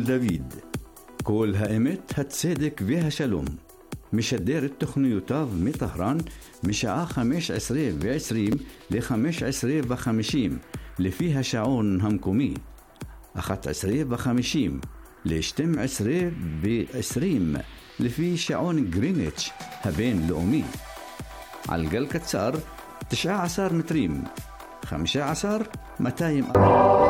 كول دافيد امت هائمت هتصدق بها شلوم مش الدير تاف مي طهران مشاعة خمش عسريف وعسريم لخمش عسريف وخمشيم لفيها شعون همكمي أخت عسريف وخمشيم لشتم عسريف بعسريم لفي شعون جرينيتش هبين لأمي على الجل كتسار تشعة عسار متريم خمشة عسار متايم أربعة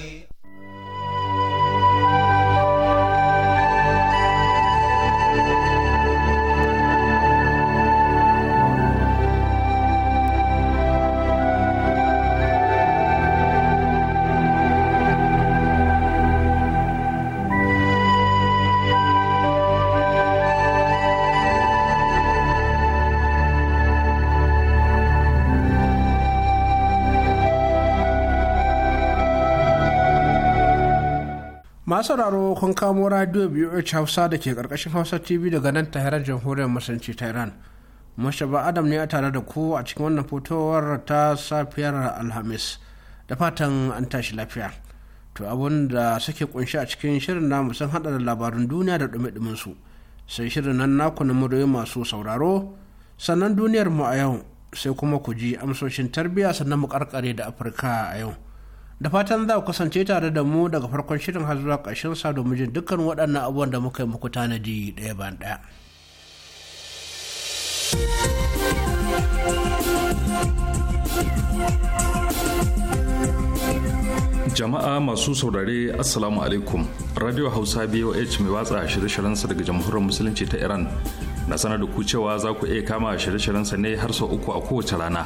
masu sauraro kun kamo radio BOH Hausa da ke karkashin Hausa TV daga nan tahirar jamhuriyar musulunci ta Iran. Mashaba Adam ne a tare da ku a cikin wannan fotowar ta safiyar Alhamis da fatan an tashi lafiya. To abun da suke kunshi a cikin shirin na musan hada da labarun duniya da dumi su sai shirin nan naku na muryoyi masu sauraro sannan duniyar mu a yau sai kuma ku ji amsoshin tarbiyya sannan mu karkare da Afirka a yau. da fatan za ku kasance tare da mu daga farkon shirin har zuwa ƙarshen sa domin jin dukkan waɗannan abubuwan da muka yi muku tanadi ɗaya bayan ɗaya. jama'a masu saurare assalamu alaikum radio hausa boh mai watsa shirye sa daga jamhuriyar musulunci ta iran na sanar da ku cewa za ku iya kama shirye sa ne har sau uku a kowace rana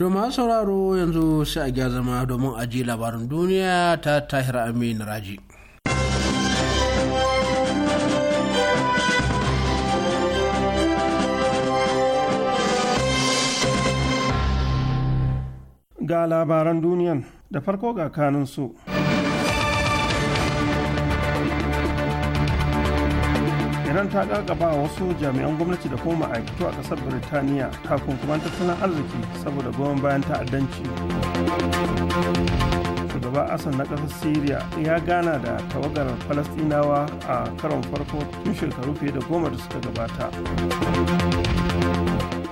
To masu sauraro yanzu sai a gya zama domin aji labarin duniya ta tahir amin raji. Ga labaran duniyan da farko ga kanunsu. su. iran ta ƙaƙaba wasu jami'an gwamnati da kuma ma'aikatu a ƙasar birtaniya kuma tattalin arziki saboda goma bayan ta'addanci shugaba asan na kasar syria ya gana da tawagar falastinawa a karon farko tun shekaru fiye da goma da suka gabata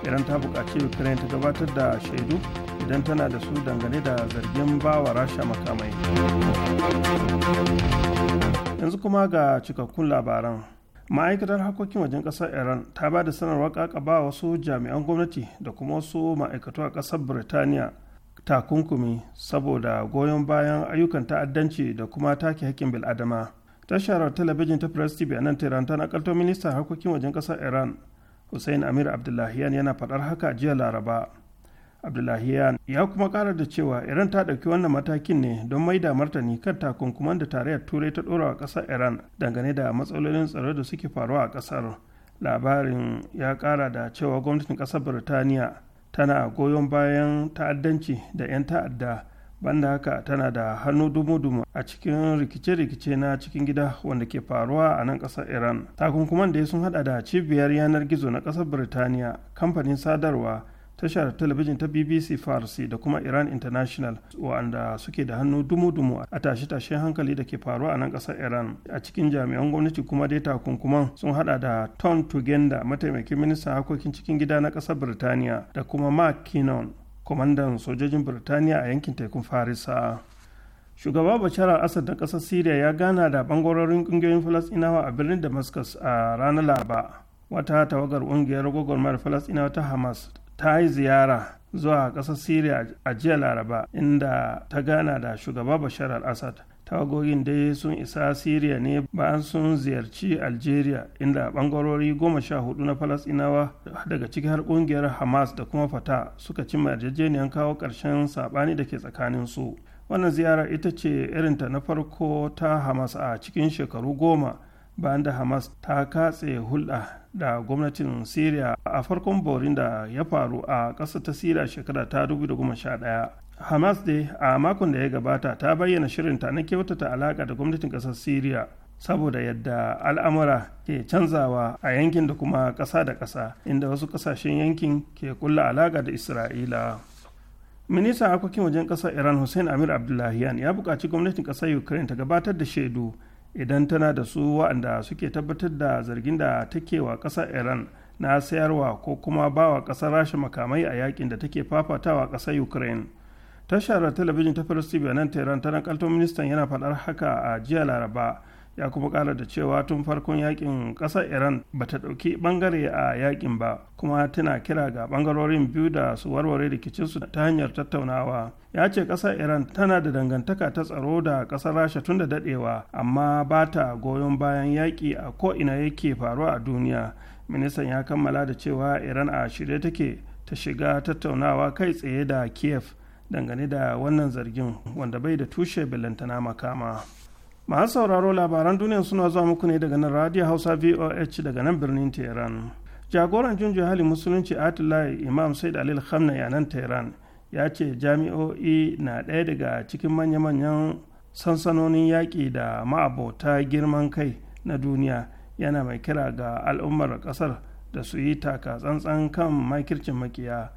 iran ta buƙaci ukraine ta gabatar da shaidu idan tana da su dangane da zargin bawa rasha makamai yanzu kuma ga cikakkun labaran ma'aikatar harkokin wajen ƙasar iran ta ba da sanarwar ƙaƙaba wasu jami'an gwamnati da kuma wasu ma'aikatu a ƙasar birtaniya takunkumi saboda goyon bayan ayyukan ta'addanci da kuma take hakkin bil'adama tashar talabijin ta press tv a nan tehran ta nakalto ministan harkokin wajen ƙasar iran hussein amir abdullahiyan yana faɗar haka jiya laraba abdullahiyan ya kuma kara da cewa iran ta ɗauki wannan matakin ne don mai da martani kan takunkuman da tarayyar turai ta ɗora a ƙasar iran dangane da matsalolin tsaro da suke faruwa a ƙasar labarin ya kara da cewa gwamnatin ƙasar birtaniya tana goyon bayan ta'addanci da 'yan ta'adda banda haka tana da hannu dumu-dumu a cikin rikice-rikice na cikin gida wanda ke faruwa a nan ƙasar iran takunkuman da sun hada da cibiyar yanar gizo na ƙasar birtaniya kamfanin sadarwa tashar talabijin ta bbc farsi da kuma iran international wa'anda suke da hannu dumu-dumu a tashe-tashen hankali da ke faruwa a nan ƙasar iran a cikin jami'an gwamnati kuma dai takunkuman sun hada da tom tugenda mataimakin ministan harkokin cikin gida na ƙasar birtaniya da kuma mark kinnon kwamandan sojojin birtaniya a yankin tekun farisa shugaba bashar asad na ƙasar syria ya gana da bangarorin ƙungiyoyin falastinawa a birnin damascus a ranar laraba wata tawagar ƙungiyar gwagwarmar falastinawa ta hamas ta yi ziyara zuwa ƙasar Siriya a jiya Laraba inda ta gana da shugaba Bashar al-Assad. Tawagogin dai sun isa Siriya ne bayan sun ziyarci Algeria inda bangarori goma sha hudu na Falasɗinawa daga ciki har ƙungiyar Hamas da kuma Fata suka cimma yarjejeniyar kawo ƙarshen saɓani da ke tsakanin su. Wannan ziyara ita ce irinta na farko ta Hamas a cikin shekaru goma bayan da Hamas ta katse hulɗa da gwamnatin syria a farkon borin da ya faru a ƙasa ta syria shekara ta 2011 hamas dai a makon da ya gabata ta bayyana shirinta na kyautata alaƙa da gwamnatin ƙasar syria saboda yadda al'amura ke canzawa a yankin da kuma ƙasa da ƙasa inda wasu ƙasashen yankin ke kulla alaƙa da isra'ila ministan harkokin wajen ƙasar iran hussein amir abdullahian ya buƙaci gwamnatin ƙasar ukraine ta gabatar da shaidu idan tana da su wa'anda suke tabbatar da zargin da take wa ƙasar iran na sayarwa ko kuma ba wa ƙasar rasha makamai a yakin da take fafatawa ƙasar ukraine tashar talabijin ta firistin bayanan tehran ta nakalto ministan yana faɗar haka a jiya laraba ya kuma kara da cewa tun farkon yakin kasar iran ba ta ɗauki ɓangare a yakin ba kuma tana kira ga ɓangarorin biyu da su warware rikicinsu ta hanyar tattaunawa ya ce kasar iran tana da dangantaka ta tsaro da ƙasar rasha tun da daɗewa amma ba ta goyon bayan yaƙi a ko'ina yake faruwa a duniya ministan ya kammala da cewa iran a shirye take ta shiga tattaunawa kai tsaye da kiev dangane da wannan zargin wanda bai da tushe makama. masu sauraro labaran duniya suna zuwa muku ne daga nan radio hausa voh daga nan birnin tehran jagoran junjo hali musulunci atullahi imam said alil khamna yanan tehran ya ce jami'o'i na ɗaya daga cikin manya-manyan sansanonin yaƙi da ma'abota girman kai na duniya yana mai kira ga al'ummar ƙasar da su yi taka tsantsan kan makircin makiya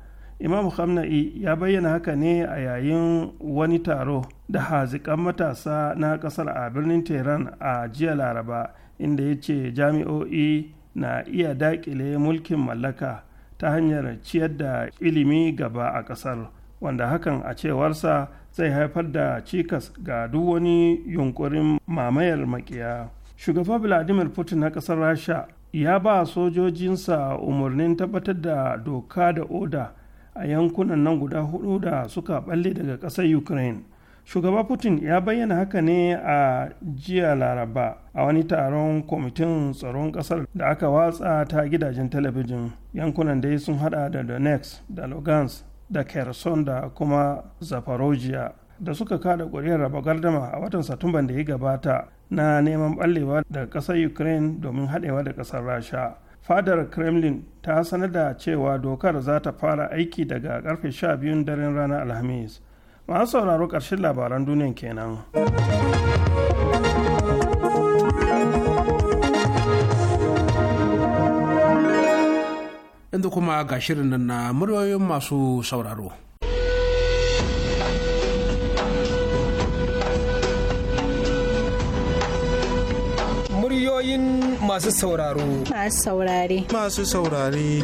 imam khamna'i ya bayyana haka ne a yayin wani taro da haziƙan matasa na ƙasar a birnin tehran a jiya laraba inda ya ce jami'o'i na iya daƙile mulkin mallaka ta hanyar ciyar da ilimi gaba a ƙasar wanda hakan a cewarsa zai haifar da cikas ga duk wani yunkurin mamayar makiya shugaba vladimir putin na ƙasar rasha ya ba sojojinsa umarnin tabbatar da doka da oda a yankunan nan guda hudu da suka balle daga ƙasar ukraine shugaba putin ya bayyana haka ne a jiya laraba a wani taron kwamitin tsaron kasar da aka watsa ta gidajen talabijin yankunan dai sun hada da donetsk da lugansk da kherson da kuma zaporozhia da suka kada ƙuri'ar raba gardama a watan satumban da ya gabata na neman ballewa daga kasar ukraine domin hadewa da kasar rasha fadar kremlin ta sanar da cewa dokar za ta fara aiki daga karfe 12 daren ranar alhamis masu sauraro ƙarshen labaran duniyan kenan. inda kuma ga shirin nan na muryoyin masu sauraro. Muryoyin masu sauraro. Masu saurare. Masu saurare.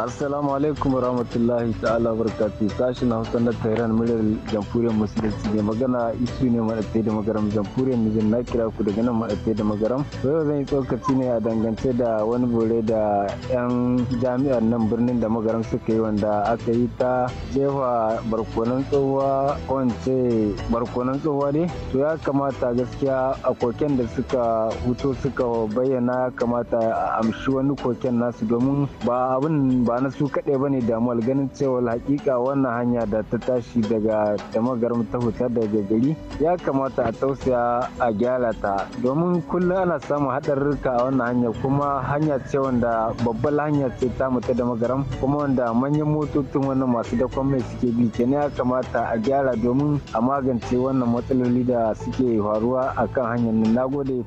assalamu alaikum rahmatullahi ta'ala barkatu sashen hausa na tehran miliyar jamhuriyar musulunci ne magana isu ne maɗaɗe da magaram jamhuriyar nijar na kira ku daga nan maɗaɗe da magaram yau zan yi tsokaci ne a dangance da wani bore da yan jami'ar nan birnin da magaram suka yi wanda aka yi ta jefa barkonan tsohuwa wance barkonan tsohuwa ne to ya kamata gaskiya a koken da suka huto suka bayyana ya kamata a amshi wani koken nasu domin ba abin ba na su kaɗai ba ne damuwar ganin cewa hakika wannan hanya da ta tashi daga damagaram ta fita daga gari ya kamata a tausaya a gyara ta domin kullum ana samun haɗarurruka a wannan hanya kuma hanya ce wanda babbar hanya ce ta mutu da magaram kuma wanda manyan motocin wannan masu dakon mai suke bi kenan ya kamata a gyara domin a magance wannan matsaloli da suke faruwa akan hanyar nan nagode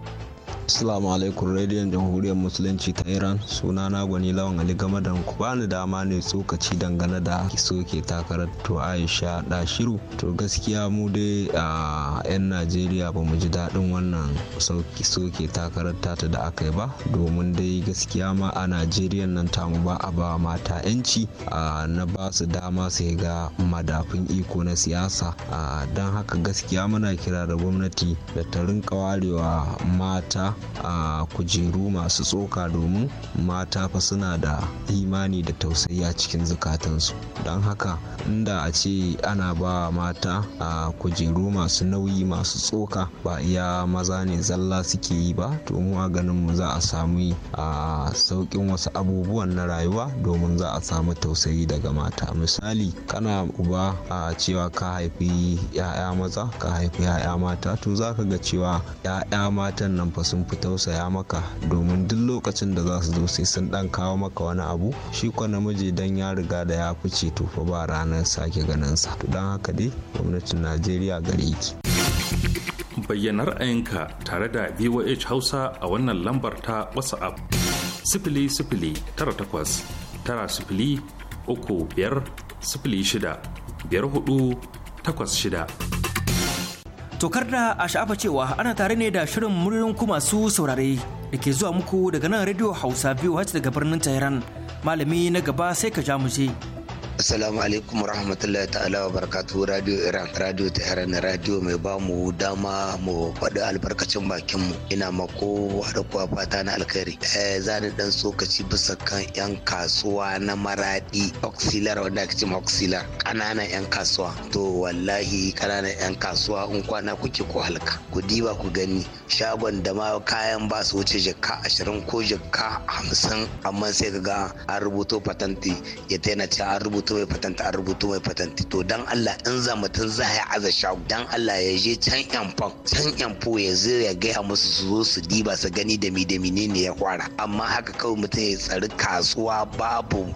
Assalamu alaikum radiyon jamhuriyar musulunci ta Iran suna na gwani lawan Ali da ku bani dama ne tsokaci dangane da soke takarar to Aisha shiru to gaskiya mu dai a 'yan Najeriya ba mu ji daɗin wannan soke takarar tata da aka yi ba domin dai gaskiya ma a Najeriya nan tamu ba a ba mata 'yanci na ba su dama su ga madafin iko na siyasa don haka gaskiya muna kira da gwamnati da ta rinka warewa mata a kujeru masu tsoka domin mata fa suna da imani da tausayi a cikin zukatansu don haka inda a ce ana ba mata a kujeru masu nauyi masu tsoka ba iya maza ne zalla suke yi ba to mu a ganin mu za a samu a saukin wasu abubuwan na rayuwa domin za a samu tausayi daga mata misali kana uba a cewa ka haifi 'ya'ya maza ka haifi 'ya'ya mata to za ka ga cewa 'ya'ya matan nan fa sun sun fi tausaya maka domin duk lokacin da za su zo sai sun dan kawo maka wani abu shi kwa namiji dan ya riga da ya fice to fa ba ranar sake ganin sa to dan haka dai gwamnatin Najeriya gare ki bayyana ra'ayinka tare da VOH Hausa a wannan lambar ta WhatsApp sifili sifili tara takwas tara sifili uku biyar sifili shida biyar hudu takwas shida Tokar da a sha'afa cewa ana tare ne da shirin muryoyin ku masu saurare da ke zuwa muku daga nan Radio Hausa biyu har daga birnin Tehran. Malami na gaba sai ka ja mu je. Assalamu alaikum rahmatullahi ta'ala wa barakatuhu Radio Iran, Radio Tehran, Radio mai ba mu dama mu faɗi albarkacin bakin mu. Ina mako da kuwa fata na alkhairi. Eh zani dan sokaci bisa kan yan kasuwa na maradi auxiliar wanda ake cewa auxiliar kananan yan kasuwa. To wallahi kananan yan kasuwa in kwana kuke ko halka. Ku diba ku gani shagon da ma kayan ba su wuce jikka ashirin ko jikka hamsin amma sai ka ga an rubuto patanti ya taina ce an rubuta rubuta mai fatanta an rubuta mai fatanti to dan Allah in za mutum za ya aza shago dan Allah ya je can yanfan can fo ya zo ya gaya musu su zo su diba su gani da mi da ne ya kwara amma haka kawai mutum ya tsari kasuwa babu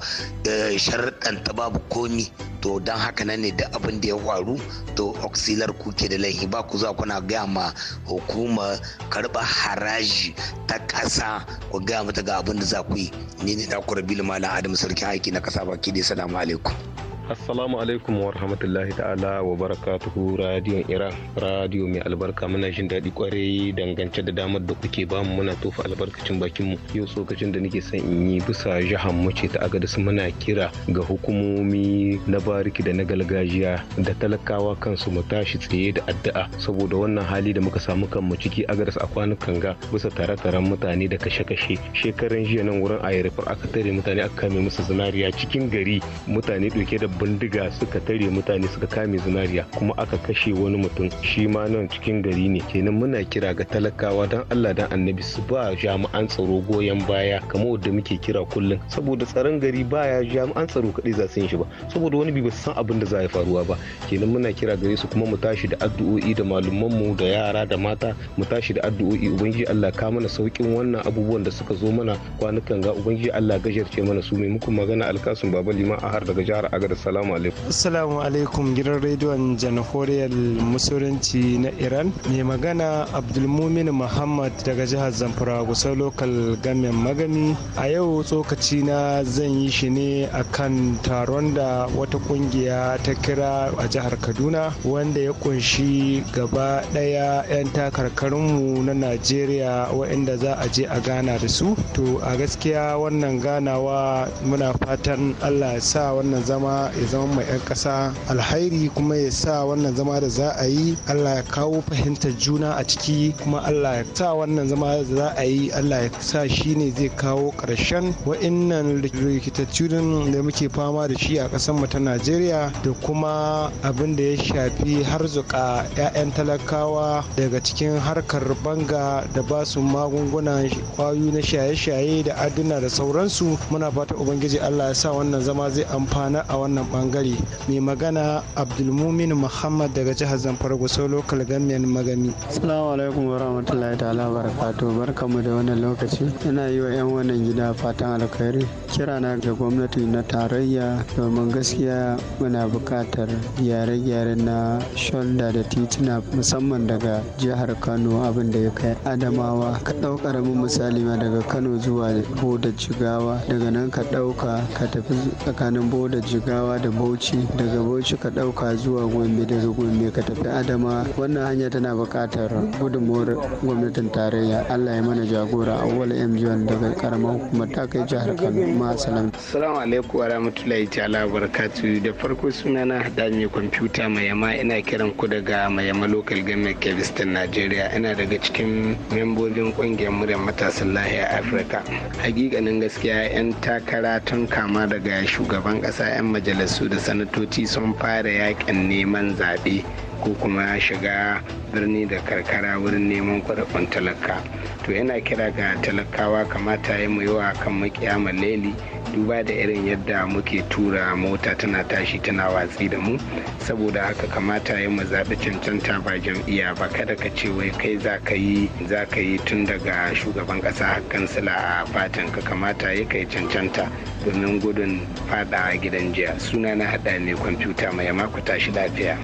eh, sharɗanta babu komi to don haka nan ne da abin da ya faru to auxiliar kuke da laifi ba ku za kuna gaya ma hukuma karɓa haraji ta ƙasa ku gaya mata ga abin da za ku yi ni ne na kurabi malam adam sarki aiki na ba baki da salamu alaikum yok. assalamu alaikum wa rahmatullahi ta'ala wa barakatuhu radiyon iran radiyo mai albarka muna jin daɗi kwarai dangance da damar da kuke bamu muna tofa albarkacin bakin mu yau tsokacin da nake son in yi bisa jihar mace ta agadis muna kira ga hukumomi na bariki da na galgajiya da talakawa kansu mu tashi tsaye da addu'a saboda wannan hali da muka samu kan mu ciki agadis a kwanukan ga bisa tare-taren mutane da kashe-kashe shekaran jiya nan wurin a aka tare mutane aka kame musu zinariya cikin gari mutane ɗauke da bindiga suka tare mutane suka kame zinariya kuma aka kashe wani mutum shi ma nan cikin gari ne kenan muna kira ga talakawa don allah dan annabi su ba jami'an tsaro goyon baya kamar wadda muke kira kullum saboda tsaron gari baya jami'an tsaro kadai za su yi shi ba saboda wani bi ba san abin da za ya faruwa ba kenan muna kira gare su kuma mu tashi da addu'o'i da mu da yara da mata mu tashi da addu'o'i ubangiji allah ka mana saukin wannan abubuwan da suka zo mana kwanukan ga ubangiji allah gajarce mana su mai muku magana alkasun baba lima har daga jihar agasa. Assalamu alaikum. Assalamu alaikum gidan rediyon janahoriyar musulunci na Iran. Mai magana Abdulmumin Muhammad daga jihar Zamfara kusa lokal gamen magani. A yau tsokaci na zan yi shi ne kan taron da wata kungiya ta kira a jihar Kaduna wanda ya kunshi gaba ɗaya 'yan takarkarinmu na Najeriya waɗanda za a je a gana da su. To a gaskiya wannan ganawa muna fatan Allah ya sa wannan zama ya zama mai 'yan ƙasa alhairi kuma ya sa wannan zama da za a yi allah ya kawo fahimtar juna a ciki kuma allah ya sa wannan zama da za a yi allah ya sa shi ne zai kawo ƙarshen wa'innan rikitattunan da muke fama da shi a ƙasar mu ta najeriya da kuma abin da ya shafi harzuka 'ya'yan talakawa daga cikin harkar banga da ba su magungunan kwayoyi na shaye-shaye da aduna da sauransu muna fata ubangiji allah ya sa wannan zama zai amfana a wannan wannan bangare mai magana abdulmumin muhammad daga jihar zamfara gusau local government magani salamu alaikum wa rahmatullahi ta'ala barakatu barkamu da wannan lokaci ina yi wa 'yan wannan gida fatan alkhairi kira na ga gwamnati na tarayya domin gaskiya muna buƙatar gyare-gyare na sholda da tituna musamman daga jihar kano abin da ya kai adamawa ka ɗau ƙaramin misali ma daga kano zuwa bodar jigawa daga nan ka ɗauka ka tafi tsakanin boda jigawa adamawa da bauchi daga bauchi ka ɗauka zuwa gombe daga gombe ka tafi adama wannan hanya tana buƙatar gudunmuwar gwamnatin tarayya allah ya mana jagora a wala mjn daga karamar hukumar ta kai jihar kano ma salam assalamu alaikum wa rahmatullahi ta'ala barakatu da farko suna na hada kwamfuta mayama ina kiran ku daga mayama local government kebistan najeriya ina daga cikin membobin kungiyar muryar matasan lahiyar afirka hakikanin gaskiya yan takara tun kama daga shugaban kasa yan majalisa. su da sanatoci sun fara yaƙin neman zaɓe ko kuma ya shiga birni da karkara wurin neman kuɗaɗen talaka to yana kira ga talakawa kamata ya mu yi wa kan makiya laili duba da irin yadda muke tura mota tana tashi tana watsi da mu saboda haka kamata ya mu zaɓi cancanta ba jam'iyya ba kada ka ce wai kai za ka yi za ka yi tun daga shugaban ƙasa kansila a fatan ka kamata ya kai cancanta domin gudun faɗa gidan jiya suna na haɗa ne kwamfuta mai mako tashi lafiya.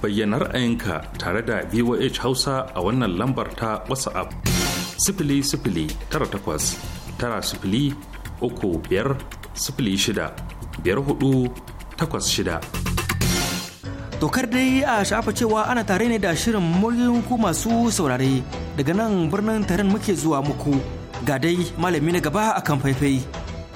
bayyana ra'ayinka tare da voh hausa a wannan lambar ta whatsapp sifili sifili tara takwas tara sifili uku biyar sifili shida biyar hudu takwas shida tokar dai a shafa cewa ana tare ne da shirin muryin ku masu saurare daga nan birnin taron muke zuwa muku ga dai malami na gaba akan faifai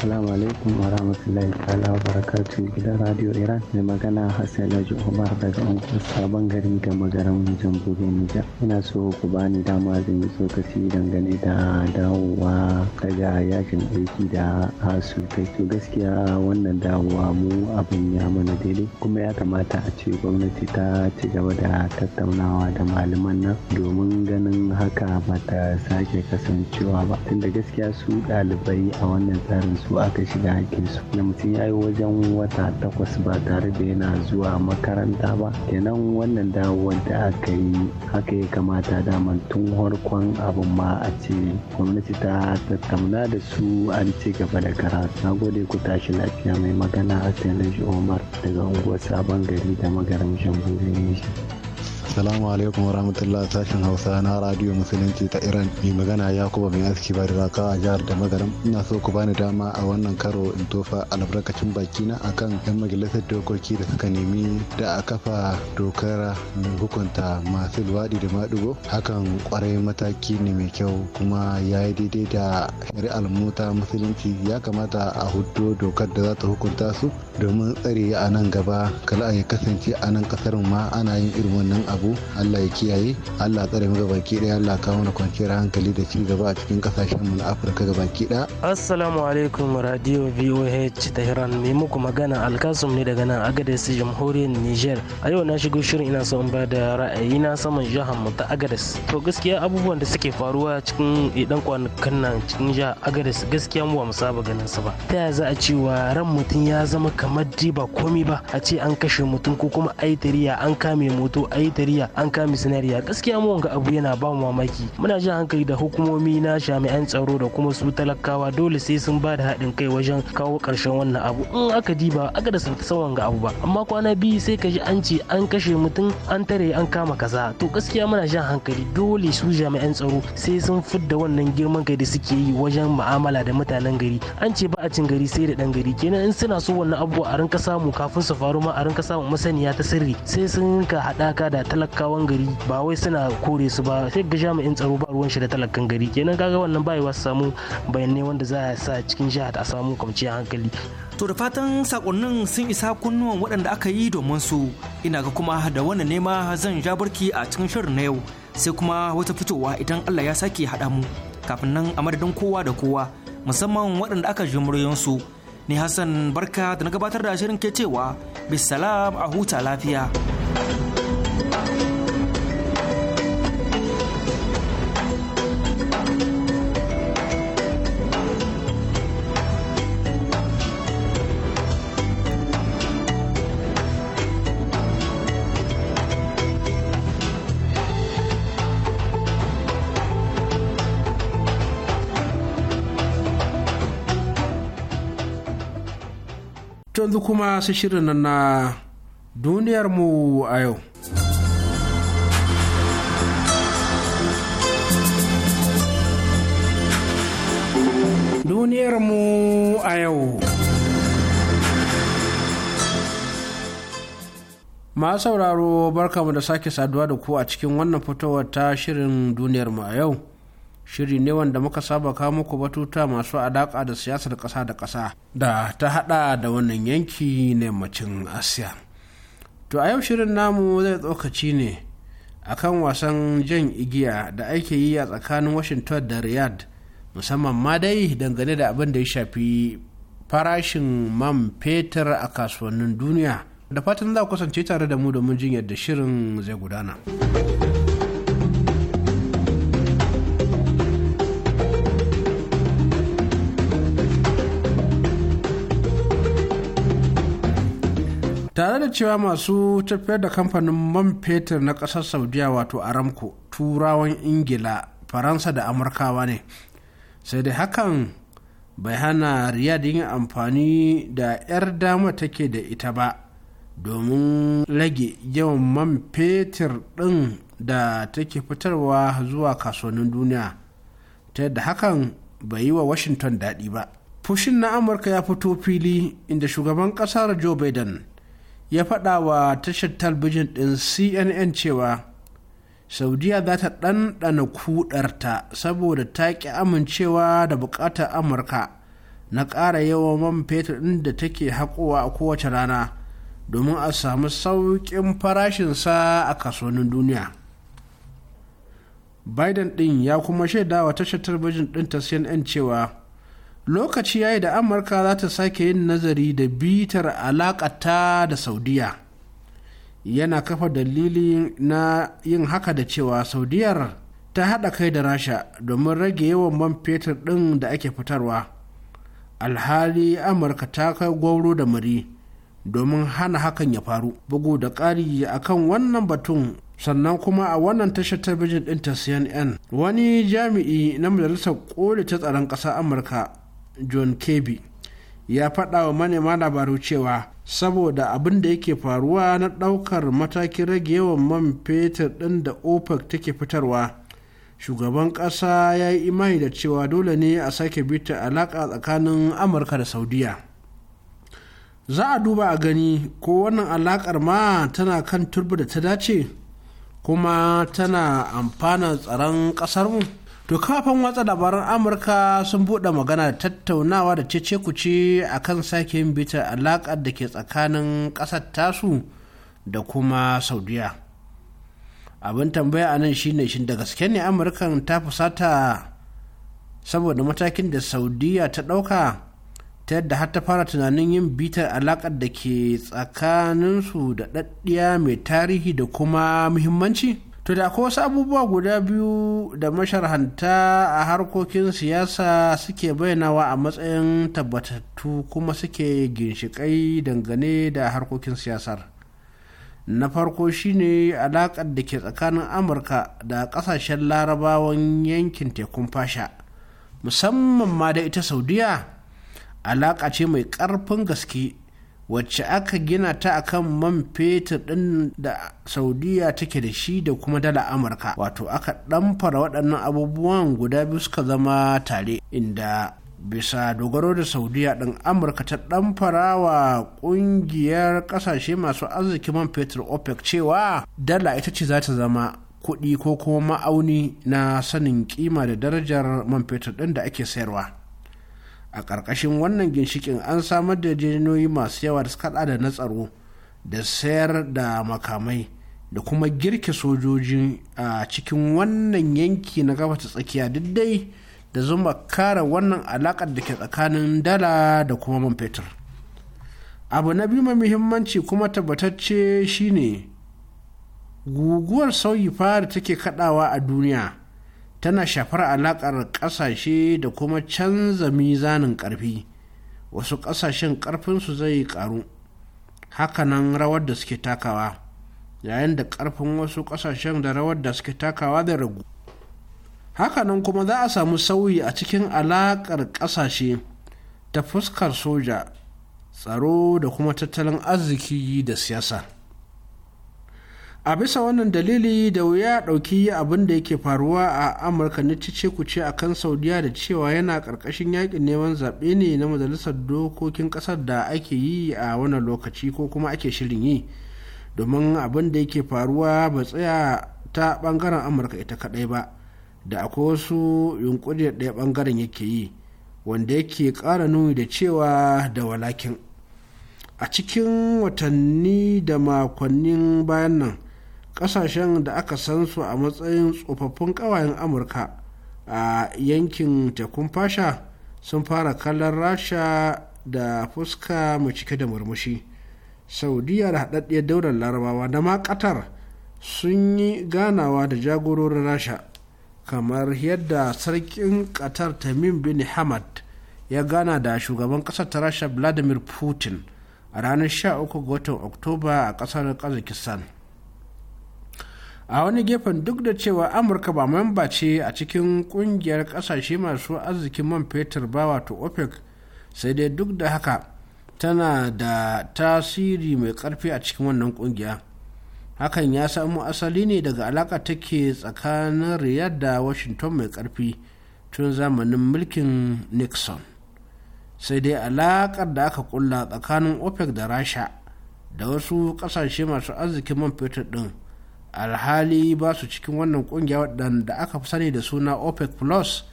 Assalamu alaikum wa rahmatullahi ta'ala wa barakatuhu gidan Radio Iran mai magana Hassan Laji Umar daga unguwar Sabon Gari da Magaran Jamhuriyar Nijar. Ina so ku bani dama zan yi tsokaci dangane da dawowa daga yakin aiki da asu kai to gaskiya wannan dawowa mu abin ya mana daidai kuma ya kamata a ce gwamnati ta ci gaba da tattaunawa da malaman nan domin ganin haka ba ta sake kasancewa ba tunda gaskiya su ɗalibai a wannan tsarin su su aka shiga su da mutum ya yi wajen wata takwas ba tare da yana zuwa makaranta ba kenan wannan dawowar da aka yi haka ya kamata daman tun harkon abin ma a ce gwamnati ta tattauna da su an ci gaba da karatu na gode ku tashi lafiya mai magana a tsayin umar daga unguwar sabon gari da magaram jamhuriyar Salamu alaikum wa rahmatullah sashen Hausa na Radio Musulunci ta Iran. Mai magana ya kuma mai aski ba da a jihar da magaram. Ina so ku bani dama a wannan karo in tofa albarkacin bakina akan 'yan majalisar dokoki da suka nemi da a kafa dokar hukunta masu luwaɗi da maɗigo. Hakan kwarai mataki ne mai kyau kuma ya yi daidai da shari'ar mota musulunci ya kamata a hudo dokar da za ta hukunta su domin tsare a nan gaba kala ya kasance a nan kasar ma ana yin irin wannan abu allah ya kiyaye allah tsare mu gabaki daya allah kawo na kwanciyar hankali da ci gaba a cikin kasashen mu na afirka gabaki daya assalamu alaikum radio voh tehran mai muku magana alkasum ne daga nan agadez jamhuriyar niger a yau na shigo shirin ina son ba da ra'ayi na saman jihar mu ta agadez to gaskiya abubuwan da suke faruwa cikin idan kwanakan nan cikin jihar agadez gaskiya mu ba mu saba ganin su ba ta yaya za a cewa ran mutum ya zama kamar maddi ba komi ba a ce an kashe mutum ko kuma aitariya tariya an kame moto ayi tariya an kame sinariya gaskiya mu wanga abu yana ba mu mamaki muna jin hankali da hukumomi na jami'an tsaro da kuma su talakawa dole sai sun ba da haɗin kai wajen kawo ƙarshen wannan abu in aka ba aka da san wanga abu ba amma kwana biyu sai ka ji an ce an kashe mutum an tare an kama kaza to gaskiya muna jin hankali dole su jami'an tsaro sai sun fidda wannan girman kai da suke yi wajen mu'amala da mutanen gari an ce ba a cin gari sai da ɗan gari kenan in suna so wannan abu abubuwa a rinka samu kafin su faru ma a rinka samu masaniya ta sirri sai sun ka haɗaka da talakawan gari ba wai suna kore su ba sai ga jami'in tsaro ba ruwan shi da talakan gari kenan kaga wannan bai wasu samu bayanai wanda za a sa cikin jihar a samu kwanciyar hankali To da fatan sakonnin sun isa kunnuwan waɗanda aka yi domin su ina ga kuma da wannan nema zan ja barki a cikin shirin na yau sai kuma wata fitowa idan Allah ya sake hada mu kafin nan a madadin kowa da kowa musamman waɗanda aka ji su ni Hassan barka da na gabatar da shirin ke cewa bisalam a huta lafiya. yanzu kuma sai shirin nan na duniyarmu a yau. Duniyarmu a yau. Ma sauraro barkamu da sake saduwa da ku a cikin wannan fitowar ta shirin duniyarmu a yau. shiri ne wanda muka saba kawo muku batuta masu alaƙa da siyasar ƙasa da kasa da ta haɗa da wannan yanki na yammacin asiya to a yau shirin namu zai tsokaci ne akan wasan jan igiya da ake yi a tsakanin washington da riyad musamman ma dai dangane da abin da ya shafi farashin man fetur a kasuwannin duniya da fatan za ku kasance tare da mu domin jin yadda shirin zai gudana. tare da cewa masu tafiyar da kamfanin man fetur na kasar saudiya wato aramco turawan ingila faransa da amurkawa ne sai dai hakan bai hana riyad yin amfani da 'yar dama take da ita ba domin rage yawan man fetur ɗin da take fitarwa zuwa kasuwannin duniya ta yadda hakan bai yi wa washington daɗi ba fushin na amurka ya fito fili inda shugaban ƙasar joe biden ya faɗa wa tashar talbijin ɗin cnn cewa saudiya za ta ɗanɗana kudarta saboda ta ƙi amincewa da buƙatar amurka na ƙara yawan man fetur ɗin da take haƙowa a kowace rana domin a samu sauƙin farashinsa a kasuwannin duniya biden ɗin ya kuma shaidawa tashar talbijin ɗin ta cnn cewa lokaci ya yi da amurka za ta sake yin nazari da bitar alakata da saudiya yana kafa dalili na yin haka da cewa saudiyar ta haɗa kai da rasha domin rage yawan man fetur ɗin da ake fitarwa alhali amurka ta kai gwauro da muri domin hana hakan ya faru bugu da ƙari akan wannan batun sannan kuma a wannan tashar talabijin ɗin ta cnn wani jami'i na majalisar ƙoli ta tsaron ƙasa amurka john kebi ya faɗa wa manema labaru cewa saboda abin da yake faruwa na ɗaukar matakin rage yawan man fetur ɗin da opec take fitarwa shugaban ƙasa ya yi imani da cewa dole ne a sake bita alaƙa tsakanin amurka da saudiya za a duba a gani ko wannan alaƙar ma tana kan turbi da ta dace kuma tana amfana tsaron ƙasarmu To kafin watsa labaran Amurka sun buɗe magana da tattaunawa da cece kuce a kan sake yin bitar alaƙar da ke tsakanin ƙasar tasu da kuma Saudiya. Abin tambaya a nan shine shin da gaske ne Amurkan ta fusata saboda matakin da Saudiya ta ɗauka ta yadda har ta fara tunanin yin bitar alaƙar da ke tsakaninsu da ɗaɗɗiya mai tarihi da kuma muhimmanci? to da ko wasu abubuwa guda biyu da masharhanta a harkokin siyasa suke bayyanawa a matsayin tabbatattu kuma suke ginshiƙai dangane da harkokin siyasar na farko shine alaƙar da ke tsakanin amurka da ƙasashen larabawan yankin tekun fasha musamman ma da ita saudiya alaƙa ce mai ƙarfin gaske wacce aka gina ta akan man fetur ɗin da saudiya take da shi da kuma dala amurka wato aka ɗamfara waɗannan abubuwan guda biyu suka zama tare inda bisa dogaro da saudiya ɗin amurka ta ɗamfara wa ƙungiyar ƙasashe masu arziki man fetur opec cewa dala ita ce za ta zama kuɗi ko kuma ma'auni na sanin kima da darajar man fetur ɗin da ake sayarwa a ƙarƙashin wannan ginshikin an samar da yarjejeniyoyi masu yawa da suka da na tsaro da sayar da makamai da kuma girke sojoji a cikin wannan yanki na gabata tsakiya duk dai da zuma kare wannan alaƙar da ke tsakanin dala da kuma man fetur abu na biyu mai muhimmanci kuma tabbatacce shine guguwar sauyi fara take kadawa a duniya tana shafar alaƙar ƙasashe da kuma canza mizanin ƙarfi wasu ƙasashen ƙarfinsu zai ƙaru hakanan rawar da suke takawa yayin da ƙarfin wasu ƙasashen da rawar da suke takawa da ragu hakanan kuma za a samu sauyi a cikin alaƙar ƙasashe ta fuskar soja tsaro da kuma tattalin arziki da siyasa. a bisa wannan dalili da wuya ɗauki abin da yake faruwa a amurka na cice kuce a kan saudiya da cewa yana ƙarƙashin yakin neman zaɓe ne na majalisar dokokin ƙasar da ake yi a wannan lokaci ko kuma ake shirin yi domin abin da yake faruwa ba tsaya ta ɓangaren amurka ita kaɗai ba da akwai wasu yunƙuri da ɗaya bangaren yake yi wanda yake ƙara nuni da cewa da walakin a cikin watanni da makonnin bayan nan kasashen da aka san su a matsayin tsofaffin ƙawayen amurka a yankin tekun fasha sun fara kallon rasha da fuska mai cike da murmushi saudiya da haɗaɗɗiyar daular larabawa da ma ƙatar sun yi ganawa da jagororin rasha kamar yadda sarkin ƙatar tamim bin hamad ya gana da shugaban ƙasar ta rasha vladimir putin a ranar 13 ga watan oktoba a ƙasar kazakistan a wani gefen duk da cewa amurka ba memba ce a cikin kungiyar kasashe masu arzikin man fetur ba wato opec sai dai duk da haka tana da tasiri mai karfi a cikin wannan kungiya hakan ya samu asali ne daga alaka take tsakanin riyar da washington mai karfi tun zamanin mulkin nixon sai dai alakar da aka kulla tsakanin opec da rasha da wasu kasashe masu arzikin man fetur din alhali ba su cikin wannan kungiya waɗanda aka fi sani da suna opec plus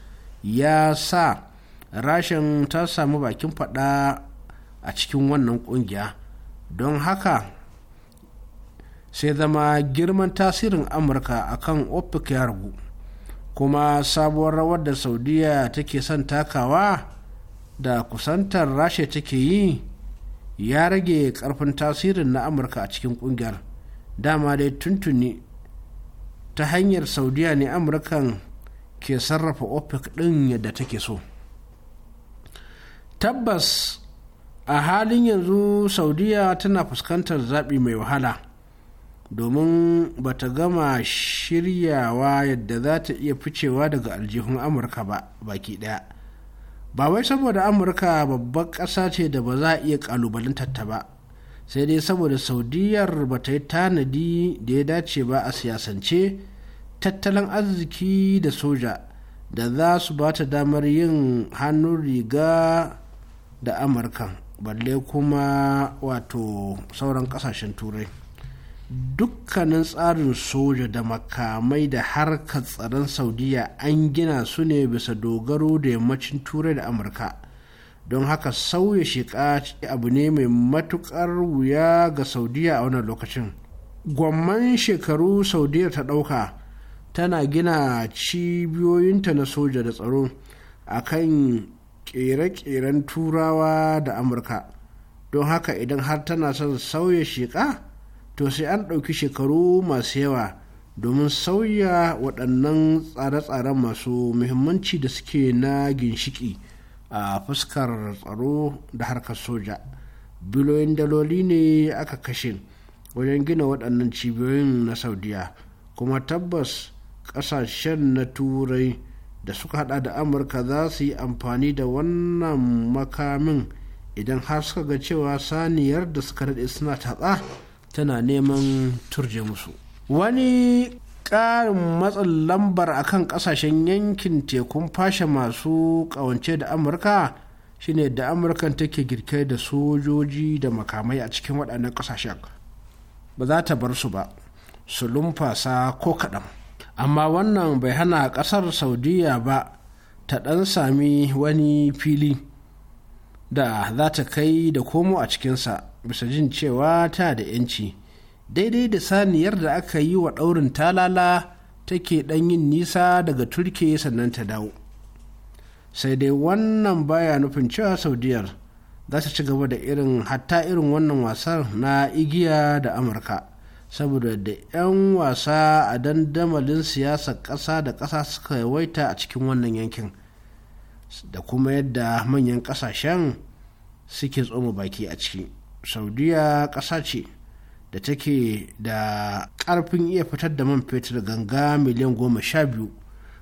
ya sa rashin ta samu bakin faɗa a cikin wannan kungiya don haka sai zama girman tasirin amurka akan opec ya ragu kuma sabuwar rawar da saudiya take son takawa da kusantar rasha take yi ya rage ƙarfin tasirin na amurka a cikin kungiyar dama dai tuntuni ta hanyar saudiya ne amurkan ke sarrafa opec ɗin yadda take so tabbas a halin yanzu saudiya tana fuskantar zaɓi mai wahala domin ba ta gama shiryawa yadda za ta iya ficewa daga aljihun amurka ba baki ɗaya ba wai saboda amurka babbar ƙasa ce da ba za a iya ƙalubalantar ta ba sai dai saboda saudiyar ba ta yi tanadi da ya dace ba a siyasance tattalin arziki da soja da za su ba ta damar yin hannun riga da amurka balle kuma wato sauran kasashen turai dukkanin tsarin soja da makamai da harkar tsaron saudiya an gina su ne bisa dogaro da yammacin turai da amurka don haka sauya shiƙa abu ne mai matuƙar wuya ga saudiya a wannan lokacin gwamman shekaru saudiya ta ɗauka tana gina cibiyoyinta na soja da tsaro a kan ƙere-ƙeren turawa da amurka don haka idan har tana son sauya shiƙa to sai an ɗauki shekaru masu yawa domin sauya waɗannan tsare-tsaren masu muhimmanci da suke na ginshiƙi. a fuskar tsaro da harkar soja biliyoyin daloli ne aka kashe wajen gina waɗannan cibiyoyin na saudiya kuma tabbas ƙasashen na turai da suka hada da amurka za su yi amfani da wannan makamin idan har suka ga cewa saniyar da suka daɗe suna tatsa tana neman turje musu wani ƙarin matsin lambar akan ƙasashen yankin tekun fashe masu ƙawance da amurka shine da amurkan take girke da sojoji da makamai a cikin waɗannan ƙasashen ba za ta bar su ba su lumfasa ko kaɗan amma wannan bai hana ƙasar saudiya ba ta ɗan sami wani fili da za ta kai da komo a cikinsa bisa jin cewa ta da 'yanci. daidai da saniyar da aka yi wa ɗaurin talala take ɗan yin nisa daga turke sannan ta dawo sai dai wannan baya nufin cewa saudiyar za ta ci gaba da irin hatta irin wannan wasan na igiya da amurka saboda da 'yan wasa a dandamalin siyasar ƙasa da ƙasa suka yawaita a cikin wannan yankin da kuma yadda manyan ƙasashen suke tsoma baki a ciki saudiya ƙasa ce da take da ƙarfin iya fitar da man fetur ganga miliyan goma sha biyu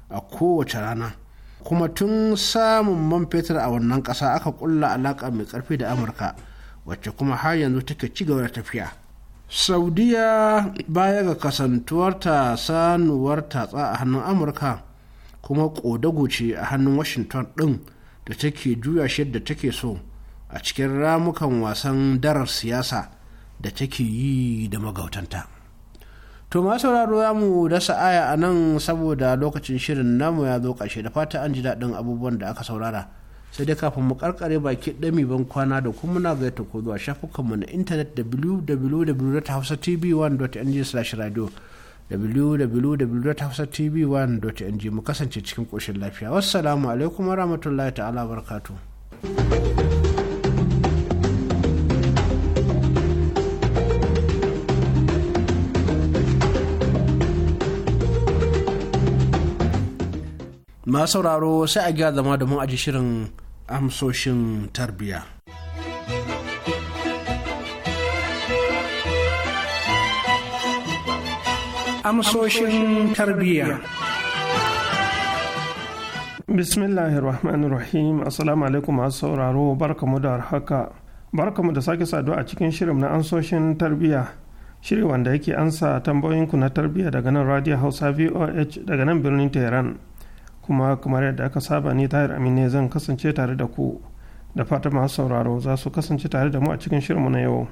a kowace rana kuma tun samun man fetur a wannan ƙasa aka ƙulla alaƙa mai ƙarfi da amurka wacce kuma har yanzu take ci gaba da tafiya saudiya baya ga kasantuwarta sanuwar tatsa a hannun amurka kuma ƙodago ce a hannun washington ɗin da take juya shi da take so a cikin ramukan wasan darar siyasa da take yi da magautanta to ma sauraro ya mu dasa aya a nan saboda lokacin shirin namu ya zo karshe da fata an ji daɗin abubuwan da aka saurara sai dai kafin mu karkare baki ɗami ban kwana da kuma muna gaita ko zuwa shafukanmu na intanet www.hausatv1.ng/radio www.hausatv1.ng mu kasance cikin koshin lafiya wassalamu alaikum warahmatullahi ta'ala barkatu. ma sauraro sai a gya zama da mu a shirin amsoshin tarbiyya. amsoshin tarbiyya. rahim Assalamu alaikum masu sauraro barkamu da haka. Barkamu da sake saduwa a cikin shirin na amsoshin tarbiyya. Shiri wanda yake ansa tambayoyinku na tarbiyya daga nan Radio Hausa VOH daga nan birnin Tehran. kuma kamar yadda aka saba ni tahir amin zan kasance tare da ku da fata masu sauraro za su kasance tare da mu a cikin shirinmu na yau.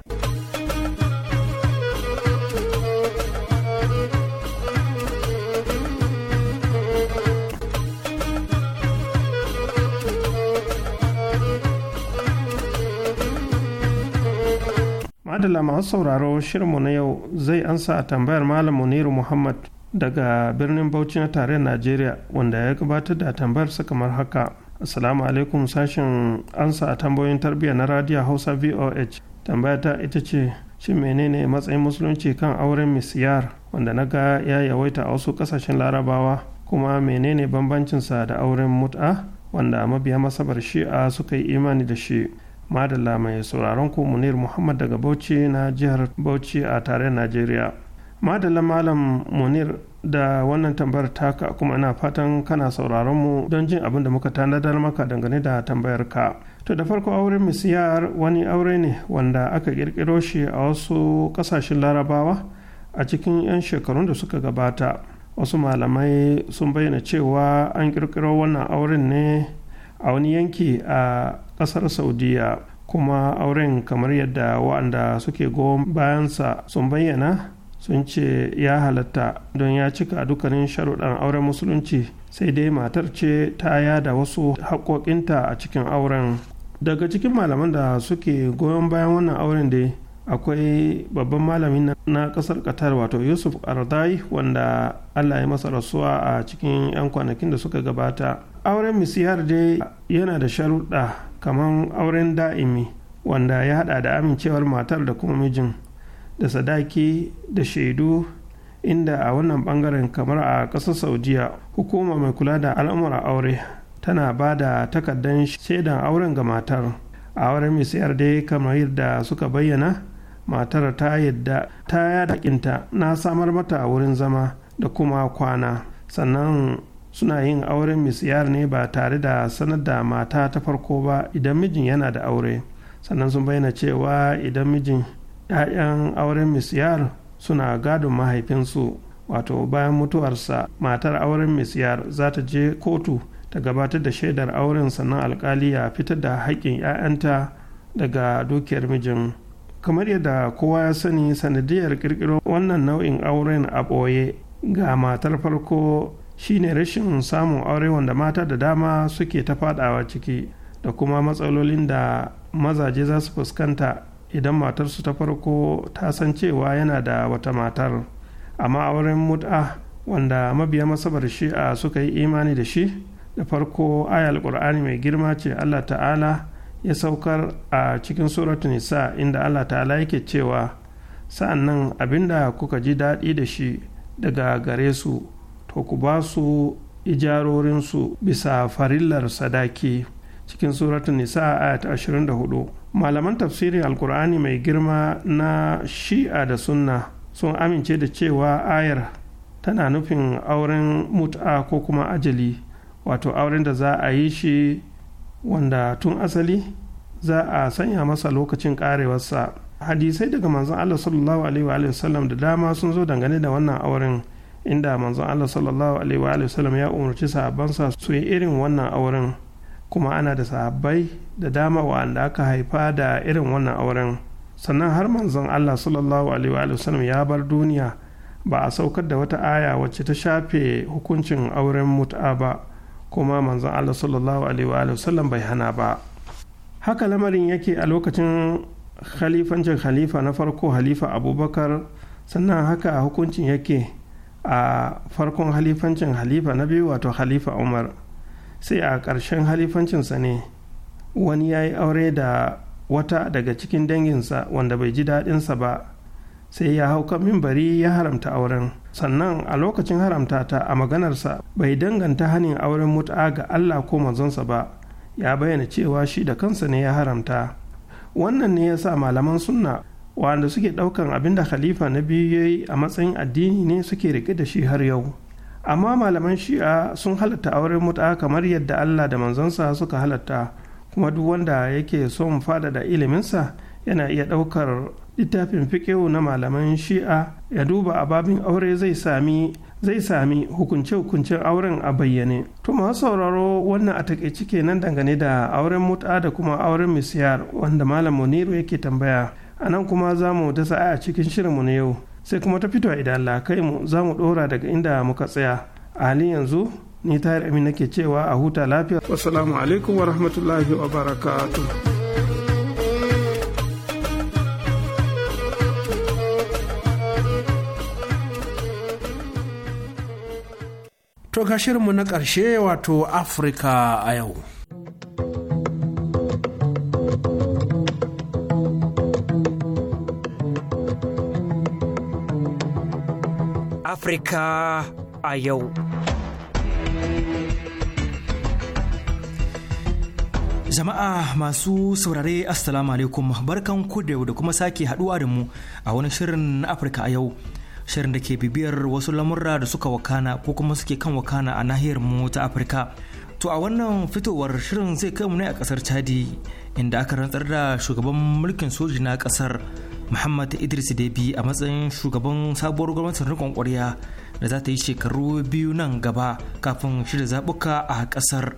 Madalla masu sauraro shirinmu na yau zai ansa a tambayar Malam Muniru Muhammad daga birnin Bauchi na tarayyar Najeriya wanda ya gabatar da tambayarsa kamar haka. Assalamu alaikum sashen ansa a tambayoyin tarbiyya na Radio Hausa VOH. Tambaya ta ita ce, shin menene matsayin musulunci kan auren misiyar wanda na ga ya yawaita a wasu kasashen larabawa kuma menene bambancinsa da auren mut'a wanda mabiya masabar shi'a suka yi imani da shi. Madalla mai sauraron ku Munir Muhammad daga Bauchi na jihar Bauchi a tare Najeriya. madala malam munir da wannan tambayar taka kuma ina fatan kana sauraron mu don jin abin da muka tanadar maka dangane da tambayar ka to da farko auren misiyar wani aure ne wanda aka kirkiro shi a wasu kasashen larabawa a cikin 'yan shekarun da suka gabata wasu malamai sun bayyana cewa an kirkiro wannan auren ne a wani yanki a kasar saudiya kuma auren kamar yadda wa'anda suke goyon bayansa sun bayyana sun ce ya halatta don ya cika dukkanin sharuɗan auren musulunci sai dai matar ce ta yada wasu haƙoƙinta a cikin auren daga cikin malaman da suke goyon bayan wannan auren da akwai babban malami na ƙasar qatar wato yusuf ardai wanda allah ya masa rasuwa a cikin 'yan kwanakin da suka gabata auren misiyar dai yana da sharuɗa kamar auren da'imi wanda ya haɗa da amincewar matar da kuma mijin da sadaki da shaidu inda a wannan bangaren kamar a ƙasar saudiya hukuma mai kula da al'amuran aure tana ba da takardar shaidan auren ga matar a wurin misiyar dai kamar yadda suka bayyana matar ta yadda ta yada kinta na samar mata wurin zama da kuma kwana sannan suna yin auren misiyar ne ba tare da sanar da mata ta farko ba idan mijin yana da aure sannan sun bayyana cewa idan mijin ‘ya'yan auren misyar suna gadon mahaifinsu wato bayan mutuwarsa matar auren Yar za ta je kotu ta gabatar da shaidar auren sannan alkali ya fitar da haƙƙin 'ya'yanta daga dukiyar mijin kamar yadda kowa ya sani sanadiyar ƙirƙiro wannan nau'in auren a ɓoye ga matar farko shine rashin samun aure wanda mata da dama suke ta faɗawa ciki da kuma matsalolin da mazaje za su fuskanta idan matarsu ta farko ta san cewa yana da wata matar amma auren mud'a wanda mabiya masabar shi'a suka yi imani da shi da farko ayal qur'ani mai girma ce allah ta'ala ya saukar a cikin suratun nisa inda allah ta'ala yake cewa sa'an nan abin da kuka ji daɗi da shi daga gare su to ku ba su ijarorinsu bisa farillar sadaki cikin suratun nisa ayat 24 malaman tafsirin alkur'ani mai girma na shi'a da sunna sun amince da cewa ayar tana nufin auren mut'a ko kuma ajali wato auren da za a yi shi wanda tun asali za a sanya masa lokacin karewarsa hadisai daga manzon allah sallallahu alaihi wa sallam da dama sun zo dangane da wannan auren inda manzon allah sallallahu alaihi wa sallam ya umarci sahabansa su yi irin wannan auren kuma ana da sahabbai da dama wa'anda aka haifa da irin wannan auren sannan har manzon allah sallallahu alaihi wa sallam ya bar duniya ba a saukar da wata aya wacce ta shafe hukuncin auren mut'a ba kuma manzon allah sallallahu alaihi wa sallam bai hana ba haka lamarin yake a lokacin khalifancin khalifa na farko halifa abubakar sannan haka hukuncin yake a farkon halifancin halifa na biyu wato halifa umar sai a ƙarshen halifancinsa ne wani ya yi aure da wata daga cikin danginsa wanda bai ji daɗinsa ba sai ya hau kan mimbari ya haramta auren sannan a lokacin haramta ta a maganarsa bai danganta hanin auren mut'a ga Allah ko manzonsa ba ya bayyana cewa shi da kansa ne ya haramta wannan ne ya sa malaman sunna wanda suke ɗaukan abin da khalifa na biyu ya yi a matsayin addini ne suke riƙe da shi har yau amma malaman shi'a sun halatta auren muta kamar yadda allah da manzansa suka halatta kuma duk wanda yake son fadada iliminsa yana iya ɗaukar littafin fiƙewu na malaman shi'a ya duba a babin aure zai sami zai sami hukunce-hukuncen auren a bayyane. To masu sauraro wannan a takaici nan dangane da auren mut'a da kuma auren misiyar wanda Malam Muniru yake tambaya. A nan kuma za mu dasa a cikin shirinmu na yau. sai kuma ta fito idan Allah kai mu za mu ɗora daga inda muka tsaya a halin yanzu ni tayar amin nake cewa a huta lafiya assalamu alaikum wa rahmatullahi wa barakatuh To ga na ƙarshe wato Afirka a yau. Afirka a yau. Jama'a masu saurare Assalamu alaikum barkan ku da kuma sake haduwa da mu a wani shirin Afirka a yau. Shirin da ke bibiyar wasu lamurra da suka wakana ko kuma suke kan wakana a nahiyar mu ta Afirka. To a wannan fitowar shirin zai kai mu ne a kasar Chadi inda aka rantsar da shugaban mulkin soji na kasar muhammad idris debi a matsayin shugaban sabuwar gwamnatin rikon kwarya da za ta yi shekaru biyu nan gaba kafin shirya zabuka a kasar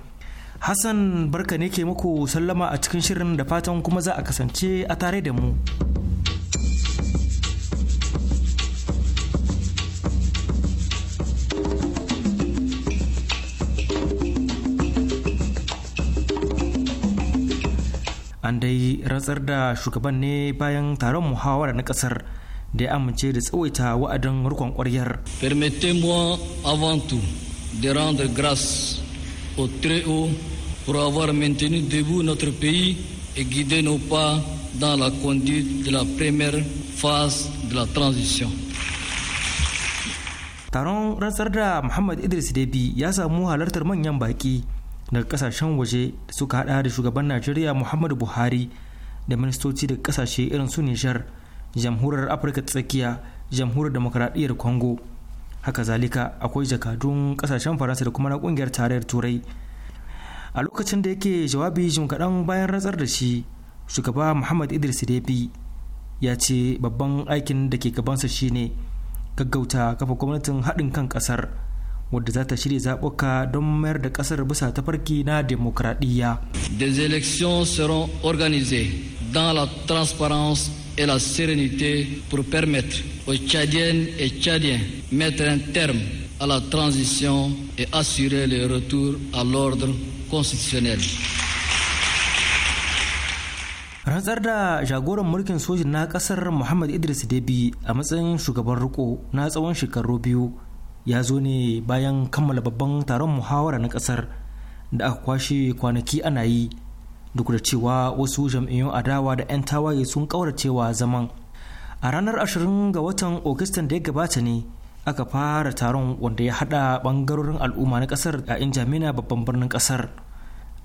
hassan barka ne ke muku sallama a cikin shirin da fatan kuma za a kasance a tare da mu an dai rantsar da shugaban ne bayan taron muhawara na kasar da ya amince da tsawaita wa'adin rikon kwaryar. Permettez-moi avant tout de rendre grâce au très haut pour avoir maintenu debout notre pays et guidé nos pas dans la conduite de la première phase de la transition. Taron rantsar da Muhammad Idris Debi ya samu halartar manyan baki daga kasashen waje da suka hada da shugaban Najeriya Muhammadu Buhari da ministoci daga kasashe irin su nijar jamhuriyar afirka tsakiya jamhuriyar demokradiyyar congo haka zalika akwai jakadun kasashen faransa da kuma na kungiyar tarayyar turai a lokacin da yake jawabi jim kaɗan bayan ratsar da shi shugaba muhammad idris debi ya ce babban aikin da ke gabansa shine gaggauta kafa gwamnatin haɗin kan ƙasar wadda za ta shirya zaɓuka don mayar da ƙasar bisa farki na demokradiyya des élections seront dans la transparence et la sérénité pour permettre aux Tchadiennes et Tchadiens mettre un terme à la transition et assurer le retour à l'ordre constitutionnel. Razarda jagoran mulkin sojin na kasar muhammad idris debi a matsayin shugaban riko na tsawon shekaru biyu ya zo ne bayan kammala babban taron muhawara na kasar da aka kwashe kwanaki ana yi duk da cewa wasu jam'iyyun adawa da 'yan tawaye sun ƙauracewa zaman a ranar 20 ga watan Agustan da ya gabata ne aka fara taron wanda ya hada bangarorin al'umma na kasar a injamina babban birnin kasar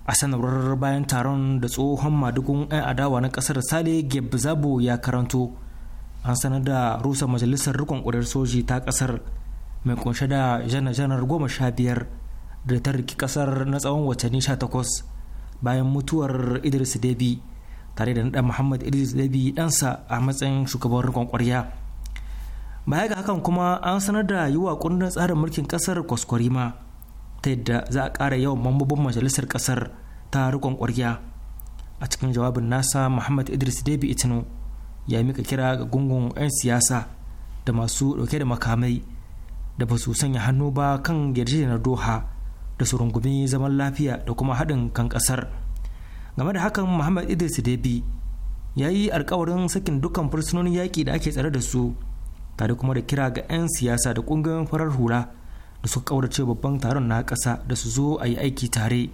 a sanarwar bayan taron da tsohon madugun 'yan adawa na kasar sale gebe zabo ya karanto an sanar da rusa majalisar rikon kudar soji ta kasar mai kunshe da janar-janar goma sha biyar da ta riki kasar na tsawon watanni sha takwas bayan mutuwar idris debi tare da naɗa muhammad idris debi ɗansa a matsayin shugaban rikon kwarya baya ga hakan kuma an sanar da yi wa kundin tsarin mulkin ƙasar kwaskwarima ta yadda za a ƙara yawan mambobin majalisar ƙasar ta rikon kwarya a cikin jawabin nasa muhammad idris debi itino ya mika kira ga gungun 'yan siyasa da masu ɗauke da makamai da ba su sanya hannu ba kan na doha da su rungumi zaman lafiya da kuma haɗin kan ƙasar game da hakan muhammad idris debi ya yi alkawarin sakin dukkan fursunonin yaƙi da ake tsare da su tare kuma da kira ga 'yan siyasa da ƙungiyoyin farar hula da suka ƙaurace babban taron na ƙasa da su zo a yi aiki tare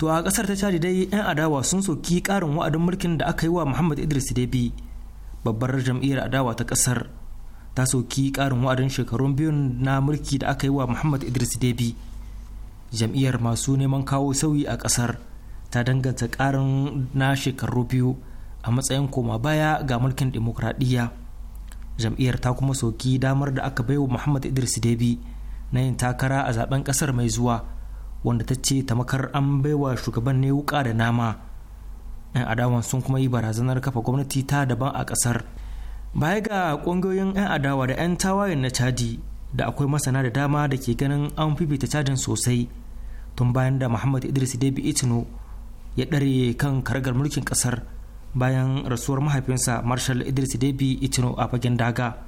to a kasar ta cadi dai 'yan adawa sun soki karin wa'adin mulkin da aka yi wa muhammad idris debi babbar jam'iyyar adawa ta kasar ta soki karin wa'adin shekarun biyun na mulki da aka yi wa muhammad idris debi jam'iyyar masu neman kawo sauyi a kasar ta danganta karin na shekaru biyu a matsayin koma baya ga mulkin demokradiyya jam'iyyar ta kuma soki damar da aka baiwa muhammad idris debi na yin takara a zaben kasar mai zuwa wanda ta ce tamakar an baiwa shugaban ne wuka da nama yan adawa sun kuma yi barazanar kafa gwamnati ta daban a kasar baya ga ƙungiyoyin yan adawa da yan tawayen na chadi da akwai masana da dama da ke ganin an fifita cajin sosai tun bayan da muhammad idris debi itino ya dare kan karagar mulkin kasar bayan rasuwar mahaifinsa marshal idris debi itino a fagen daga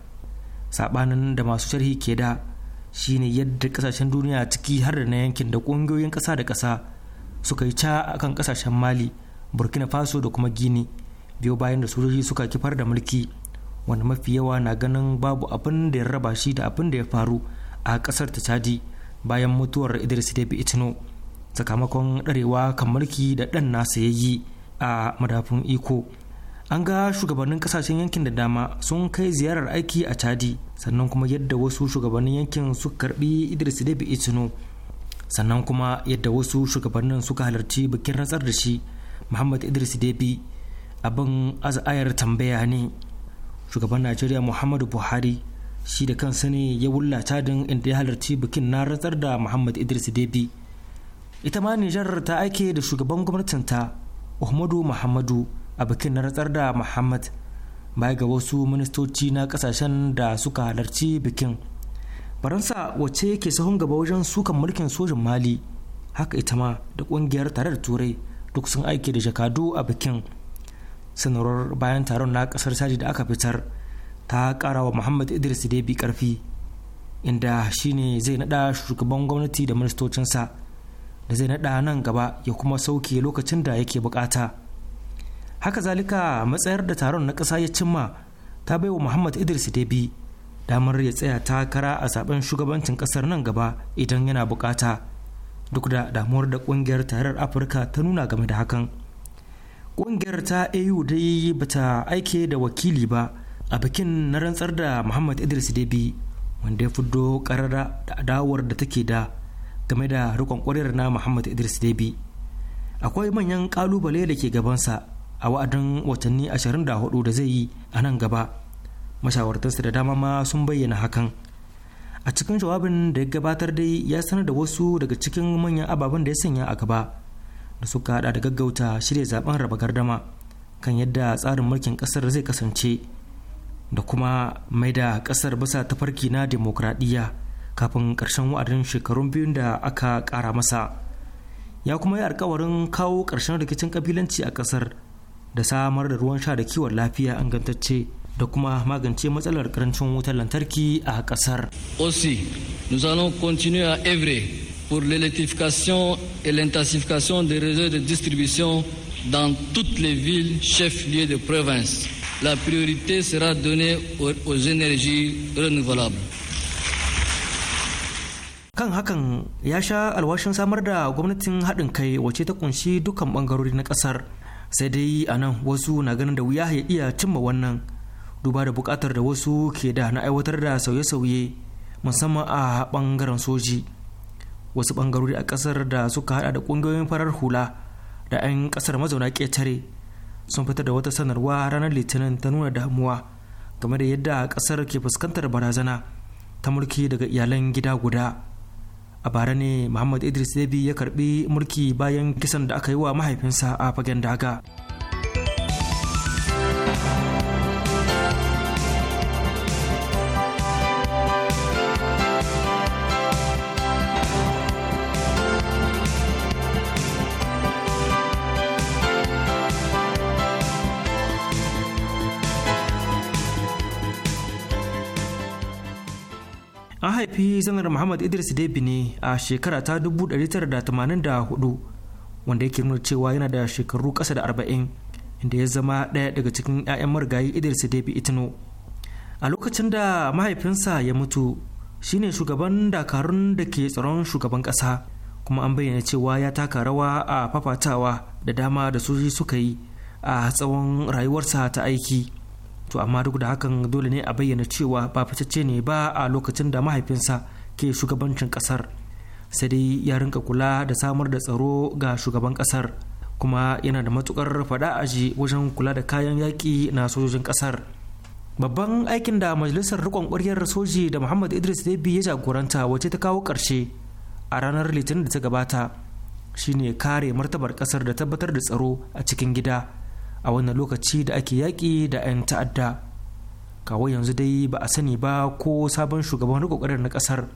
sabanin da masu sharhi ke da shine yadda kasashen duniya ciki har da na yankin da ƙungiyoyin ƙasa da ƙasa suka yi ca a kan ƙasashen mali burkina faso da kuma gini biyo bayan da sojoji suka kifar da mulki wanda mafi yawa na ganin babu abin da ya raba shi da abin da ya faru a ƙasar ta chadi bayan mutuwar idris debi itino sakamakon ɗarewa kan mulki da ɗan nasa ya yi a madafun iko an ga shugabannin kasashen yankin da dama sun kai ziyarar aiki a chadi sannan kuma yadda wasu shugabannin yankin suka karbi idris debi itino sannan kuma yadda wasu shugabannin suka halarci bikin rantsar da shi muhammad idris debi abin az'ayar tambaya ne shugaban najeriya muhammadu buhari shi da kansa ne ya wulla chadin inda ya halarci bikin na rantsar da muhammad idris debi ita ma nijar ta aike da shugaban gwamnatinta ohmadu muhammadu a bikin na ratsar da muhammad bai ga wasu ministoci na kasashen da suka halarci bikin faransa wacce yake sahun gaba wajen sukan mulkin sojin mali haka ita ma da kungiyar da turai duk sun aike da jakadu a bikin sanarwar bayan taron na kasar saji da aka fitar ta kara wa muhammad idris debi karfi inda shine zai nada shugaban gwamnati da ministocinsa da zai nada nan gaba ya kuma sauke lokacin da yake bukata haka zalika matsayar da taron na ƙasa ya cimma ta baiwa muhammad idris debi damar ya tsaya takara a zaben shugabancin ƙasar nan gaba idan yana bukata duk da damuwar da ƙungiyar tarar afirka ta nuna game da hakan ƙungiyar ta au dai bata aike da wakili ba a bikin na rantsar da muhammad idris debi wanda ya fiddo karara da adawar da take da game da rikon ƙwarar na muhammad idris debi akwai manyan ƙalubale da ke gabansa a wa'adin watanni 24 da zai yi a nan gaba mashawartarsa da dama ma sun bayyana hakan a cikin jawabin da ya gabatar dai ya sanar da wasu daga cikin manyan ababen da ya sanya a gaba da suka hada da gaggauta shirya zaben raba gardama kan yadda tsarin mulkin kasar zai kasance da kuma mai da kasar ta farki na demokradiyya kafin karshen wa'adin shekarun biyun da aka kara masa ya kuma yi alkawarin kawo karshen rikicin kabilanci a kasar da samar da ruwan sha da kiwon lafiya ingantacce da kuma magance matsalar karancin wutar lantarki a kasar. osi nous allons continuer à œuvrer pour l'électrification et l'intensification des réseaux de distribution dans toutes les villes chefs-lieux de province. La priorité sera donnée aux, énergies renouvelables. kan hakan ya sha alwashin samar da gwamnatin haɗin kai wace ta kunshi dukkan ɓangarori na ƙasar sai dai a nan wasu na ganin da wuya ya iya cimma wannan duba da bukatar da wasu ke da na aiwatar da sauye-sauye musamman a bangaren soji wasu bangarori a kasar da suka hada da kungiyoyin farar hula da 'yan kasar mazauna ketare sun fitar da wata sanarwa ranar litinin ta nuna damuwa game da yadda kasar ke fuskantar barazana ta mulki daga iyalan gida guda a bara ne muhammad idris debi ya karbi mulki bayan kisan da aka yi wa mahaifinsa a fagen daga mahaifi zanar muhammad idris debi ne a shekara ta 1984 wanda yake nuna cewa yana da shekaru ƙasa da 40 inda ya zama ɗaya daga cikin 'ya'yan marigayi idris debi itino a lokacin da mahaifinsa ya mutu shine shugaban dakarun da ke tsaron shugaban ƙasa kuma an bayyana cewa ya taka rawa a fafatawa da dama da soji suka yi a tsawon rayuwarsa ta aiki to amma duk da hakan dole ne a bayyana cewa ba fitacce ne ba a lokacin da mahaifinsa ke shugabancin kasar sai dai ya rinka kula da samar da tsaro ga shugaban kasar kuma yana da matukar fada aji wajen kula da kayan yaƙi na sojojin kasar babban aikin da majalisar rikon ƙwaryar soji da muhammad idris debi ya jagoranta wace ta kawo ƙarshe a ranar litinin da ta gabata shine kare martabar kasar da tabbatar da tsaro a cikin gida a wannan lokaci da ake yaƙi da 'yan ta'adda kawo yanzu dai ba a sani ba ko sabon shugaban rikokarar na ƙasar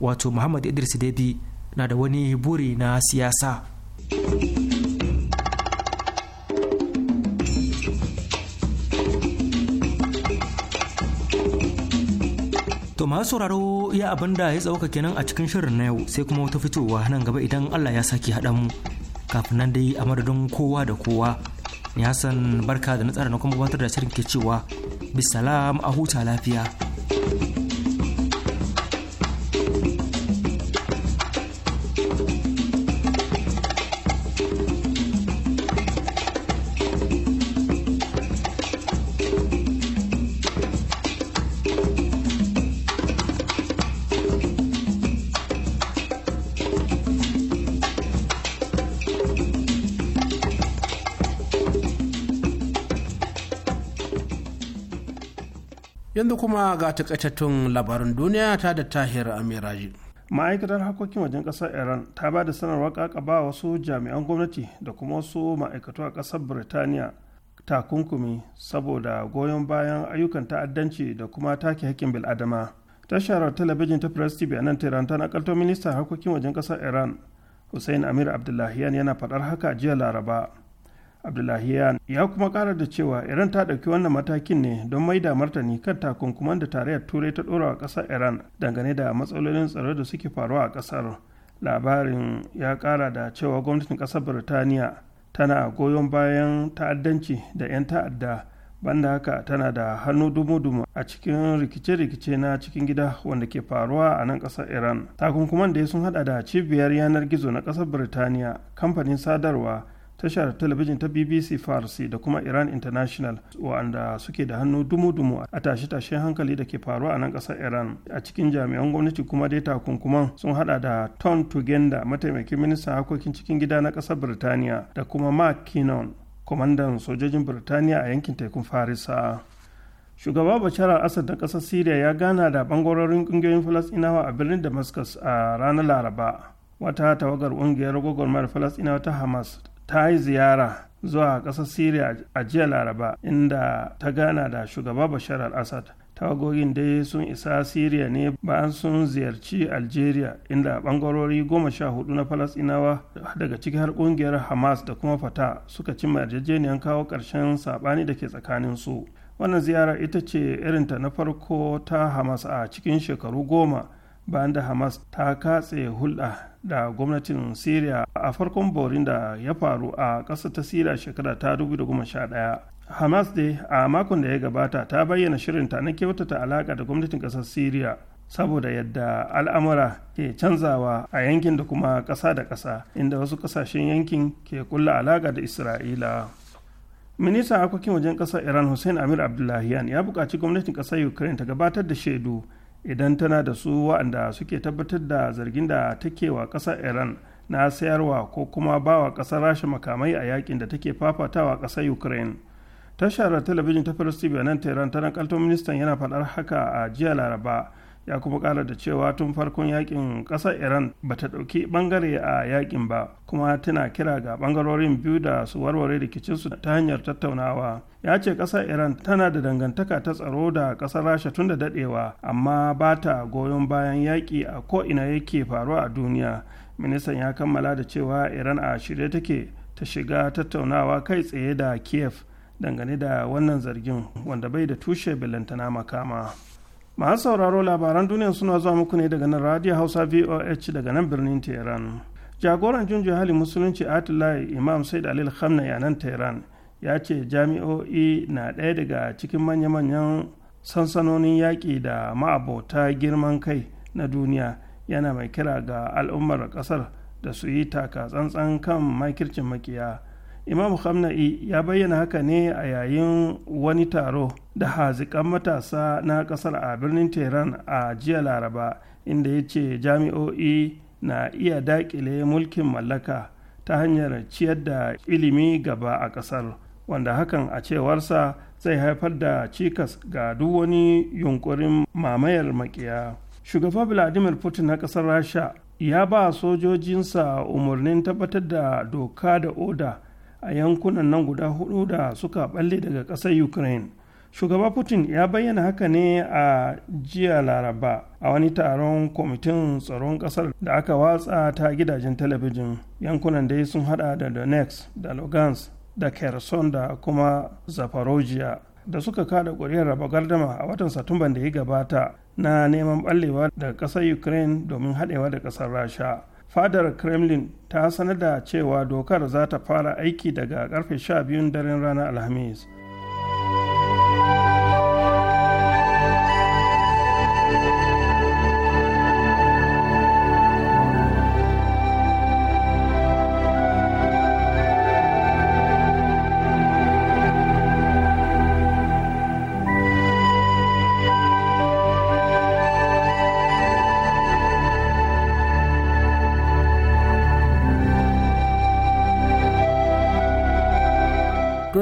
wato muhammad idris debi na da wani buri na siyasa To masu sauraro ya abin da ya tsawaka kenan a cikin shirin na yau sai kuma wata fitowa nan gaba idan Allah ya sake haɗa mu kafin nan dai a madadin kowa da kowa ya hassan barka da na tsara na kuma gabatar da shirin ke cewa bisalam a huta lafiya yanzu kuma ga takaitattun labarin duniya ta da tahir amiraji ma'aikatar harkokin wajen ƙasar iran ta ba da sanarwar ba wasu jami'an gwamnati da kuma wasu ma'aikatu a ƙasar birtaniya takunkumi saboda goyon bayan ayyukan ta'addanci da kuma take hakkin bil'adama tashar talabijin ta press tv a nan tehran ta nakalto ministan harkokin wajen ƙasar iran hussein amir abdullahiyan yana faɗar haka jiya laraba abdullahiyan ya kuma kara da cewa iran ta ɗauki wannan matakin ne don mai maida martani kan takunkuman da tarayyar turai ta ɗora a ƙasar iran dangane da matsalolin tsaro da suke faruwa a ƙasar labarin ya kara da cewa gwamnatin ƙasar birtaniya tana goyon bayan ta'addanci da 'yan ta'adda banda haka tana da hannu dumu-dumu a cikin rikice-rikice na cikin gida wanda ke faruwa a nan ƙasar iran takunkuman da ya sun hada da cibiyar yanar gizo na ƙasar birtaniya kamfanin sadarwa tashar talabijin ta bbc farsi da kuma iran international wa'anda suke da hannu dumu-dumu a tashe-tashen hankali da ke faruwa a nan ƙasar iran a cikin jami'an gwamnati kuma dai takunkuman sun hada da tom tugenda mataimakin ministan harkokin cikin gida na ƙasar birtaniya da kuma mark kwamandan sojojin birtaniya a yankin tekun farisa shugaba bashar al-assad na ƙasar syria ya gana da bangarorin ƙungiyoyin falasɗinawa a birnin damascus a ranar laraba wata tawagar ƙungiyar gwagwarmar falasɗinawa ta hamas ta yi ziyara zuwa ƙasar siriya a jiya laraba inda ta gana da shugaba bashar al-assad tawagogin dai sun isa siriya ne bayan sun ziyarci algeria inda bangarori goma sha hudu na falasinawa daga ciki har kungiyar hamas da kuma fata suka cimma yarjejeniyar kawo ƙarshen saɓani da ke tsakanin su wannan ziyara ita ce irinta na farko ta hamas a cikin shekaru goma bayan da hamas ta katse hulɗa da gwamnatin syria a farkon borin da ya faru a ƙasa ta syria shekara ta 2011 hamas dai a makon da ya gabata ta bayyana shirinta na kyautata alaƙa da gwamnatin ƙasar syria saboda yadda al'amura ke canzawa a yankin da kuma ƙasa da ƙasa inda wasu ƙasashen yankin ke kulla alaƙa da isra'ila ministan harkokin wajen ƙasar iran hussein amir abdullahian ya buƙaci gwamnatin ƙasar ukraine ta gabatar da shaidu idan tana da su wa'anda suke tabbatar da zargin da take wa ƙasar iran na sayarwa ko kuma ba wa ƙasar rasha makamai a yakin da take fafatawa ƙasar ukraine tashar talabijin ta first tv nan tehran ta ministan yana faɗar haka a jiya laraba ya kuma kara da cewa tun farkon yakin ƙasar iran ba ta ɗauki ɓangare a yakin ba kuma tana kira ga ɓangarorin biyu da su warware rikicinsu ta hanyar tattaunawa ya ce ƙasar iran tana da dangantaka ta tsaro da ƙasar rasha tun da daɗewa amma ba ta goyon bayan yaƙi a ko'ina yake faruwa a duniya ministan ya kammala da cewa iran a shirye take ta shiga tattaunawa kai tsaye da kiev dangane da wannan zargin wanda bai da tushe makama. masu sauraro labaran duniya suna zuwa muku ne daga nan radio hausa voh daga nan birnin tehran jagoran junjin hali musulunci atullahi imam said alil khamna yanan tehran ya ce jami'o'i na ɗaya daga cikin manya-manyan sansanonin yaƙi da ma'abota girman kai na duniya yana mai kira ga al'ummar ƙasar da su yi taka tsantsan kan makircin makiya imamu hamna'i ya bayyana haka ne a yayin wani taro da haziƙan matasa na ƙasar a birnin tehran a jiya laraba inda ya ce jami'o'i na iya daƙile mulkin mallaka ta hanyar ciyar da ilimi gaba a ƙasar wanda hakan a cewarsa zai haifar da cikas ga duk wani yunkurin mamayar makiya shugaba vladimir putin na ƙasar rasha ya ba sojojinsa umarnin tabbatar da doka da oda a yankunan nan guda hudu da suka balle daga ƙasar ukraine shugaba putin ya bayyana haka ne a jiya laraba a wani taron kwamitin tsaron ƙasar da aka watsa ta gidajen talabijin yankunan dai sun hada da donetsk da lugansk da kherson da kuma zaporozhia da suka kada ƙuri'ar raba gardama a watan satumban da ya gabata na neman ballewa daga ƙasar ukraine domin haɗewa da ƙasar rasha fadar kremlin ta sanar da cewa dokar za ta fara aiki daga karfe 12 daren ranar alhamis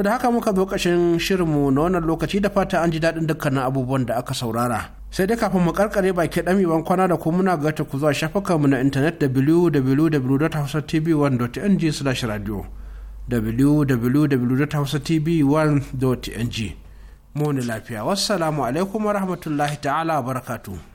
da haka muka zo ƙashin shirinmu na wannan lokaci da fata an ji daɗin dukkanin abubuwan da aka saurara. Sai dai kafin mu karkare baki ɗami ban kwana da kuma muna gata ku zuwa shafukanmu na intanet www.hausatv1.ng slash radio www.hausatv1.ng. Mu ne lafiya. Wassalamu alaikum wa rahmatullahi ta'ala wa barakatuhu.